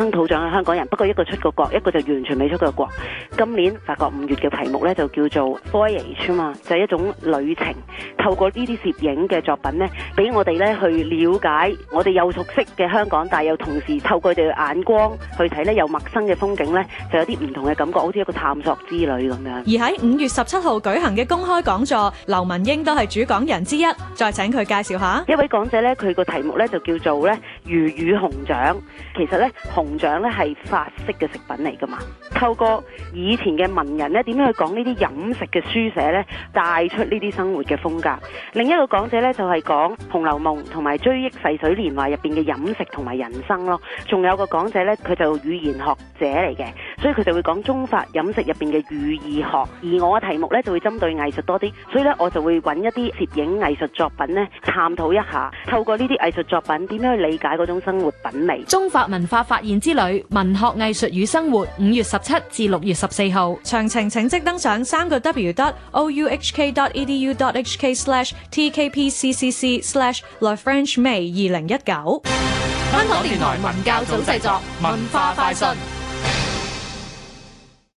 生土長嘅香港人，不過一個出過國，一個就完全未出過國。今年法國五月嘅題目咧就叫做 voyage 啊嘛，就係一種旅程。透過呢啲攝影嘅作品咧，俾我哋咧去了解我哋又熟悉嘅香港，但係又同時透過佢哋嘅眼光去睇咧又陌生嘅風景咧，就有啲唔同嘅感覺，好似一個探索之旅咁樣。而喺五月十七號舉行嘅公開講座，劉文英都係主講人之一。再請佢介紹下一位講者咧，佢個題目咧就叫做咧。魚與熊掌，其實咧熊掌咧係法式嘅食品嚟噶嘛。透過以前嘅文人咧，點樣去講呢啲飲食嘅書寫咧，帶出呢啲生活嘅風格。另一個講者咧就係、是、講《紅樓夢》同埋《追憶逝水年華》入邊嘅飲食同埋人生咯。仲有一個講者咧，佢就語言學者嚟嘅。所以佢哋會講中法飲食入邊嘅語義學，而我嘅題目咧就會針對藝術多啲，所以咧我就會揾一啲攝影藝術作品咧探討一下，透過呢啲藝術作品點樣去理解嗰種生活品味。中法文化發現之旅：文學、藝術與生活，五月十七至六月十四號，詳情請即登上三個 W dot O U H K dot E D U dot H K slash T K P C C C slash Le French May 二零一九。香港電台文教組製作文化快訊。